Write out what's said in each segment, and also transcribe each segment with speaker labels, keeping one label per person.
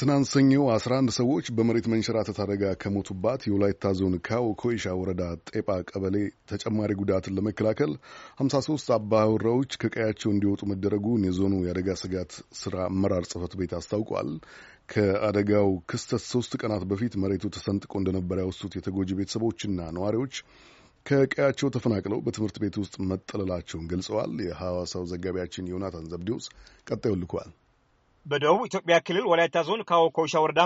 Speaker 1: ትናንት ሰኞ 11 ሰዎች በመሬት መንሸራተት አደጋ ከሞቱባት የወላይታ ዞን ካው ኮይሻ ወረዳ ጤጳ ቀበሌ ተጨማሪ ጉዳትን ለመከላከል 53 አባወራዎች ከቀያቸው እንዲወጡ መደረጉን የዞኑ የአደጋ ስጋት ስራ አመራር ጽህፈት ቤት አስታውቋል። ከአደጋው ክስተት ሶስት ቀናት በፊት መሬቱ ተሰንጥቆ እንደነበር ያወሱት የተጎጂ ቤተሰቦችና ነዋሪዎች ከቀያቸው ተፈናቅለው በትምህርት ቤት ውስጥ መጠለላቸውን ገልጸዋል። የሐዋሳው ዘጋቢያችን ዮናታን ዘብዴውስ ቀጣዩ ልኳል። በደቡብ ኢትዮጵያ ክልል ወላይታ ዞን ካዎ ኮይሻ ወረዳ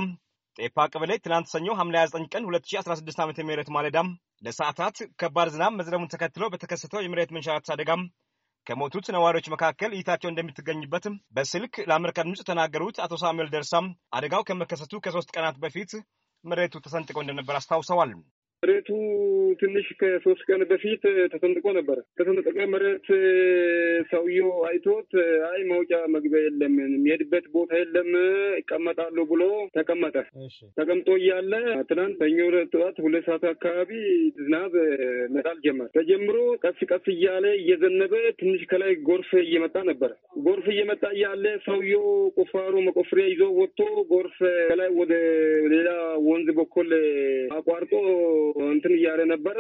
Speaker 1: ጤፓ ቀበሌ ትናንት ሰኞ ሐምሌ 29 ቀን 2016 ዓ ም ማለዳ ለሰዓታት ከባድ ዝናብ መዝነቡን ተከትሎ በተከሰተው የመሬት መንሸራተት አደጋ ከሞቱት ነዋሪዎች መካከል እይታቸው እንደምትገኝበት በስልክ ለአሜሪካ ድምፅ ተናገሩት አቶ ሳሙኤል ደርሳም አደጋው ከመከሰቱ ከሶስት ቀናት በፊት መሬቱ ተሰንጥቆ እንደነበር አስታውሰዋል።
Speaker 2: መሬቱ ትንሽ ከሶስት ቀን በፊት ተሰንጥቆ ነበረ። ተሰንጠቀ መሬት ሰውየው አይቶት አይ መውጫ መግቢያ የለም፣ የሚሄድበት ቦታ የለም፣ ይቀመጣሉ ብሎ ተቀመጠ። ተቀምጦ እያለ ትናንት ሰኞ ጠዋት ሁለት ሰዓት አካባቢ ዝናብ መጣል ጀመር። ተጀምሮ ቀስ ቀስ እያለ እየዘነበ ትንሽ ከላይ ጎርፍ እየመጣ ነበረ። ጎርፍ እየመጣ እያለ ሰውየው ቁፋሮ መቆፍሪያ ይዞ ወጥቶ ጎርፍ ከላይ ወደ ሌላ ወንዝ በኩል አቋርጦ እንትን እያለ ነበረ።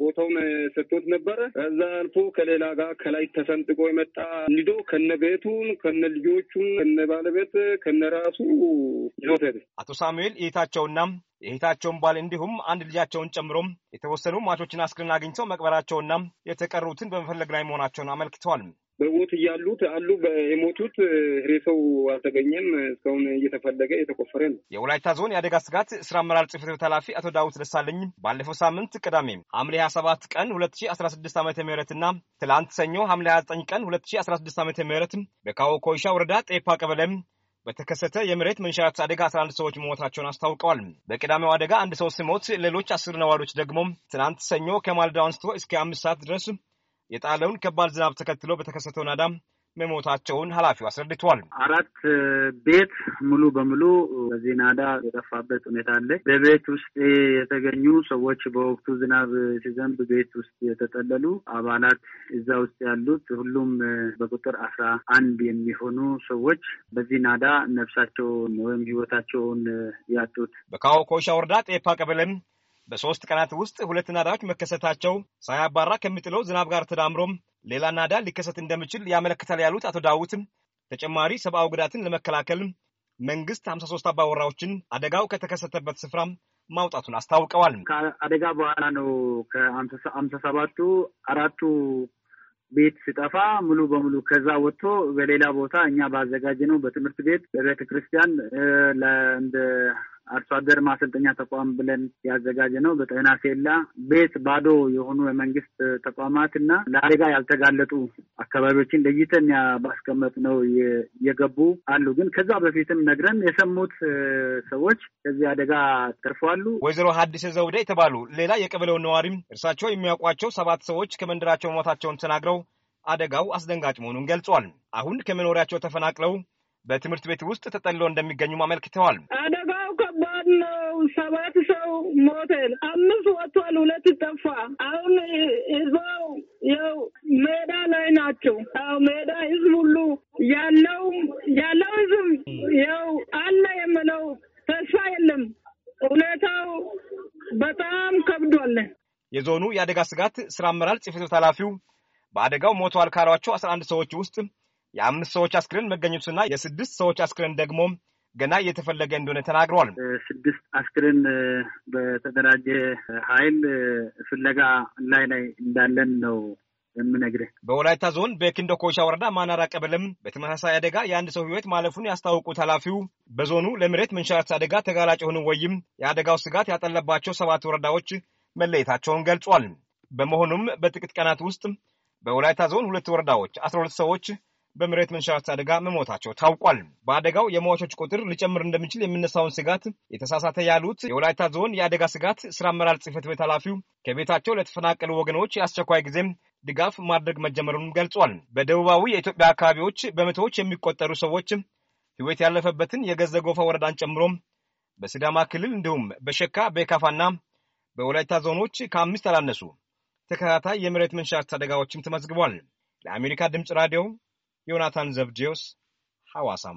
Speaker 2: ቦታውን ሰጥቶት ነበረ። ከዛ አልፎ ከሌላ ጋር ከላይ ተሰንጥቆ የመጣ እንዲዶ ከነ ቤቱን ከነ ልጆቹን ከነ ባለቤት ከነ ራሱ ይዞት
Speaker 1: አቶ ሳሙኤል እህታቸውና የእህታቸውን ባል እንዲሁም አንድ ልጃቸውን ጨምሮ የተወሰኑ ሟቾችን አስክሬን አግኝተው መቅበራቸውና የተቀሩትን በመፈለግ ላይ መሆናቸውን አመልክተዋል። በሞት
Speaker 2: እያሉት አሉ የሞቱት ሬሰው አልተገኘም። እስካሁን እየተፈለገ
Speaker 1: የተቆፈረ ነው። የወላይታ ዞን የአደጋ ስጋት ስራ አመራር ጽሕፈት ቤት ኃላፊ አቶ ዳዊት ደሳለኝ ባለፈው ሳምንት ቅዳሜ ሐምሌ 27 ቀን 2016 ዓ ም እና ትላንት ሰኞ ሐምሌ 29 ቀን 2016 ዓ ም በካዎ ኮይሻ ወረዳ ጤፓ ቀበለም በተከሰተ የመሬት መንሸራት አደጋ 11 ሰዎች መሞታቸውን አስታውቀዋል። በቅዳሜው አደጋ አንድ ሰው ሲሞት ሌሎች አስር ነዋሪዎች ደግሞ ትናንት ሰኞ ከማልዳ አንስቶ እስከ አምስት ሰዓት ድረስ የጣለውን ከባድ ዝናብ ተከትሎ በተከሰተው ናዳ መሞታቸውን ኃላፊው አስረድተዋል።
Speaker 3: አራት ቤት ሙሉ በሙሉ በዚህ ናዳ የጠፋበት ሁኔታ አለ። በቤት ውስጥ የተገኙ ሰዎች በወቅቱ ዝናብ ሲዘንብ ቤት ውስጥ የተጠለሉ አባላት እዛ ውስጥ ያሉት ሁሉም በቁጥር አስራ አንድ የሚሆኑ ሰዎች በዚህ ናዳ ነፍሳቸውን ወይም
Speaker 1: ህይወታቸውን ያጡት በካዎ ወረዳ ጤፓ ቀበሌም በሶስት ቀናት ውስጥ ሁለት ናዳዎች መከሰታቸው ሳያባራ ከሚጥለው ዝናብ ጋር ተዳምሮም ሌላ ናዳ ሊከሰት እንደሚችል ያመለክታል ያሉት አቶ ዳዊት ተጨማሪ ሰብአዊ ጉዳትን ለመከላከል መንግስት 53 አባወራዎችን አደጋው ከተከሰተበት ስፍራ ማውጣቱን አስታውቀዋል።
Speaker 3: ከአደጋ በኋላ ነው ከአምሳ ሰባቱ አራቱ ቤት ሲጠፋ ሙሉ በሙሉ ከዛ ወጥቶ በሌላ ቦታ እኛ ባዘጋጀ ነው በትምህርት ቤት፣ በቤተ ክርስቲያን፣ እንደ አርሶ አደር ማሰልጠኛ ተቋም ብለን ያዘጋጀ ነው። በጤና ኬላ ቤት ባዶ የሆኑ የመንግስት ተቋማት እና ለአደጋ ያልተጋለጡ አካባቢዎችን ለይተን ባስቀመጥ ነው የገቡ አሉ። ግን ከዛ በፊትም ነግረን የሰሙት
Speaker 1: ሰዎች ከዚህ አደጋ ተርፈዋሉ። ወይዘሮ ሀዲስ ዘውደ የተባሉ ሌላ የቀበሌው ነዋሪም እርሳቸው የሚያውቋቸው ሰባት ሰዎች ከመንደራቸው መሞታቸውን ተናግረው አደጋው አስደንጋጭ መሆኑን ገልጿል። አሁን ከመኖሪያቸው ተፈናቅለው በትምህርት ቤት ውስጥ ተጠልለው እንደሚገኙም አመልክተዋል።
Speaker 2: ነው። ሰባት ሰው ሞተ፣ አምስት ወጥቷል፣ ሁለት ጠፋ። አሁን ህዝባው ያው ሜዳ ላይ ናቸው። አዎ ሜዳ ህዝብ ሁሉ ያለው ያለው ህዝብ ያው አለ የምለው ተስፋ የለም። ሁኔታው በጣም ከብዷል።
Speaker 1: የዞኑ የአደጋ ስጋት ስራ አመራር ጽሕፈት ቤት ኃላፊው በአደጋው ሞተዋል ካሏቸው አስራ አንድ ሰዎች ውስጥ የአምስት ሰዎች አስክሬን መገኘቱና የስድስት ሰዎች አስክሬን ደግሞ ገና እየተፈለገ እንደሆነ ተናግረዋል። ስድስት አስክሬን በተደራጀ ኃይል ፍለጋ ላይ ላይ እንዳለን ነው የምነግርህ። በወላይታ ዞን በኪንዶ ኮይሻ ወረዳ ማናራ ቀበሌም በተመሳሳይ አደጋ የአንድ ሰው ሕይወት ማለፉን ያስታወቁት ኃላፊው በዞኑ ለመሬት መንሸራተት አደጋ ተጋላጭ የሆኑ ወይም የአደጋው ስጋት ያጠለባቸው ሰባት ወረዳዎች መለየታቸውን ገልጿል። በመሆኑም በጥቂት ቀናት ውስጥ በወላይታ ዞን ሁለት ወረዳዎች አስራ ሁለት ሰዎች በመሬት መንሸራተት አደጋ መሞታቸው ታውቋል። በአደጋው የሟቾች ቁጥር ሊጨምር እንደሚችል የምነሳውን ስጋት የተሳሳተ ያሉት የወላይታ ዞን የአደጋ ስጋት ስራ አመራር ጽህፈት ቤት ኃላፊው ከቤታቸው ለተፈናቀሉ ወገኖች የአስቸኳይ ጊዜም ድጋፍ ማድረግ መጀመሩን ገልጿል። በደቡባዊ የኢትዮጵያ አካባቢዎች በመቶዎች የሚቆጠሩ ሰዎች ህይወት ያለፈበትን የገዘ ጎፋ ወረዳን ጨምሮ በሲዳማ ክልል እንዲሁም በሸካ በካፋና በወላይታ ዞኖች ከአምስት አላነሱ ተከታታይ የመሬት መንሸራተት አደጋዎችም ተመዝግቧል። ለአሜሪካ ድምፅ ራዲዮ ዮናታን ዘብዴዎስ ሐዋሳም